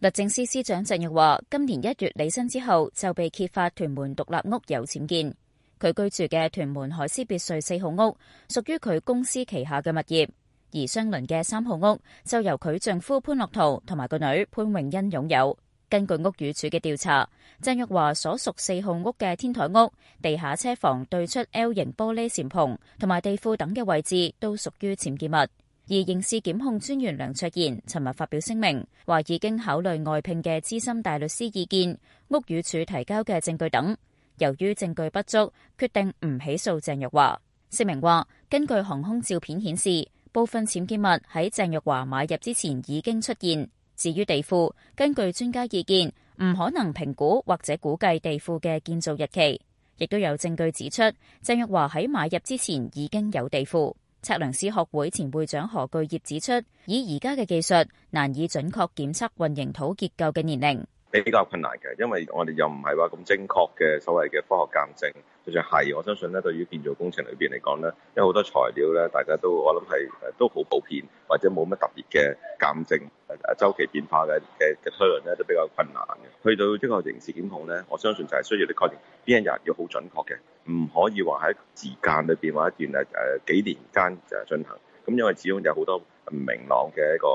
律政司司長鄭若驊今年一月離任之後就被揭發屯門獨立屋有僭建。佢居住嘅屯門海詩別墅四號屋屬於佢公司旗下嘅物業，而相鄰嘅三號屋就由佢丈夫潘樂陶同埋個女潘榮欣擁有。根據屋宇署嘅調查，鄭若驊所屬四號屋嘅天台屋、地下車房、對出 L 型玻璃檐篷同埋地庫等嘅位置都屬於僭建物。而刑事檢控專員梁卓然尋日發表聲明，話已經考慮外聘嘅資深大律師意見、屋宇署提交嘅證據等。由於證據不足，決定唔起訴鄭若驊。聲明話，根據航空照片顯示，部分僭建物喺鄭若驊買入之前已經出現。至於地庫，根據專家意見，唔可能評估或者估計地庫嘅建造日期。亦都有證據指出，鄭若驊喺買入之前已經有地庫。測量師學會前會長何巨業指出，以而家嘅技術，難以準確檢測混凝土結構嘅年齡。比較困難嘅，因為我哋又唔係話咁精確嘅所謂嘅科學鑑證，就算係，我相信咧對於建造工程裏面嚟講咧，因為好多材料咧，大家都我諗係誒都好普遍，或者冇乜特別嘅鑑證誒誒周期變化嘅嘅嘅推論咧都比較困難嘅。去到呢個刑事檢控咧，我相信就係需要你確定邊一日要好準確嘅，唔可以話喺時間裏面或者一段誒幾年間就進行，咁因為始終有好多唔明朗嘅一個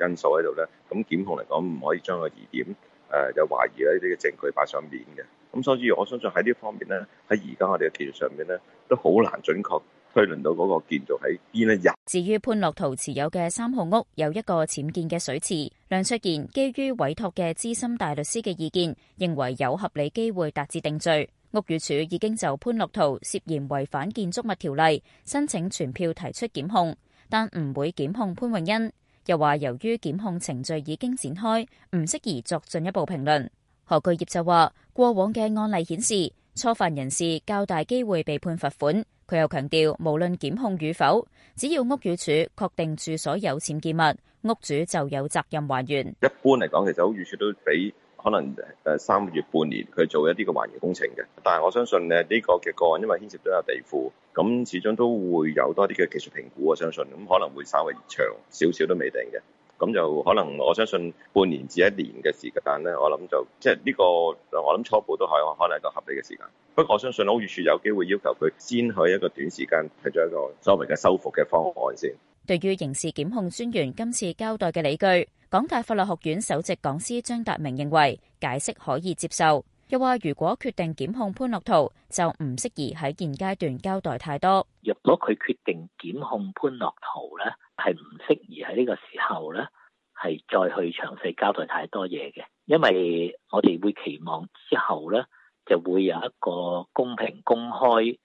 誒因素喺度咧，咁檢控嚟講唔可以將個疑點。誒又懷疑呢啲嘅證據擺上面嘅，咁所以我相信喺呢方面呢，喺而家我哋嘅技術上面呢，都好難準確推論到嗰個建造喺邊一日。至於潘樂陶持有嘅三號屋有一個僭建嘅水池，梁卓然基於委託嘅資深大律師嘅意見，認為有合理機會達至定罪。屋宇署已經就潘樂陶涉嫌違反建築物條例，申請傳票提出檢控，但唔會檢控鄭若驊。又話，由於檢控程序已經展開，唔適宜作進一步評論。何巨業就話，過往嘅案例顯示，初犯人士較大機會被判罰款。佢又強調，無論檢控與否，只要屋宇署確定住所有僭建物，屋主就有責任還原。一般嚟講，其實屋宇署都俾可能誒三個月半年，去做一啲嘅還原工程嘅。但係我相信誒呢個嘅個案，因為牽涉到有地庫，咁始終都會有多啲嘅技術評估。我相信咁可能會稍微長少少都未定嘅。咁就可能我相信半年至一年嘅時間咧，我諗就即係、這、呢個，我諗初步都係我可能一個合理嘅時間。不過我相信屋宇署有機會要求佢先去一個短時間提出一個所謂嘅修復嘅方案先。對於刑事檢控專員今次交代嘅理據，港大法律學院首席講師張達明認為解釋可以接受。又話，如果決定檢控潘樂陶，就唔適宜喺現階段交代太多。若果佢決定檢控潘樂陶咧，係唔適宜喺呢個時候咧，係再去詳細交代太多嘢嘅，因為我哋會期望之後咧，就會有一個公平公開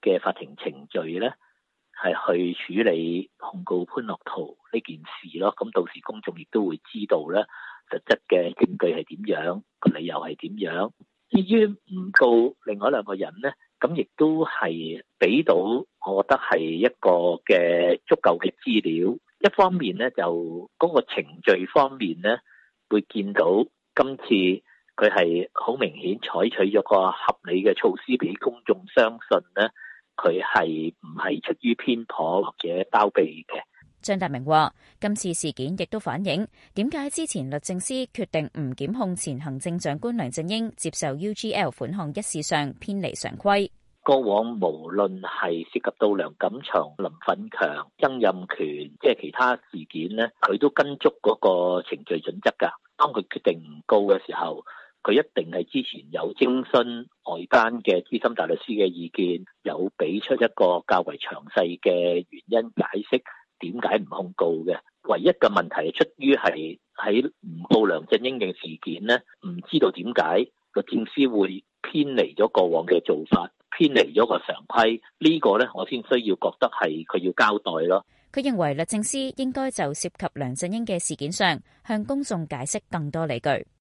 嘅法庭程序咧，係去處理控告潘樂陶呢件事咯。咁到時公眾亦都會知道咧。實質嘅證據係點樣？個理由係點樣？至於唔告另外兩個人呢，咁亦都係俾到，我覺得係一個嘅足夠嘅資料。一方面呢，就嗰個程序方面呢，會見到今次佢係好明顯採取咗個合理嘅措施，俾公眾相信呢，佢係唔係出於偏頗或者包庇嘅。張達明話，今次事件亦都反映點解之前律政司決定唔檢控前行政長官梁振英接受 UGL 款項一事上偏離常規。過往無論係涉及到梁錦祥、林奮強、曾蔭權，即係其他事件咧，佢都跟足嗰個程序準則噶。當佢決定唔告嘅時候，佢一定係之前有徵詢外間嘅資深大律師嘅意見，有俾出一個較為詳細嘅原因解釋。點解唔控告嘅？唯一嘅問題係出於係喺唔告梁振英嘅事件呢。唔知道點解律政司會偏離咗過往嘅做法，偏離咗個常規呢個呢，我先需要覺得係佢要交代咯。佢認為律政司應該就涉及梁振英嘅事件上，向公眾解釋更多理據。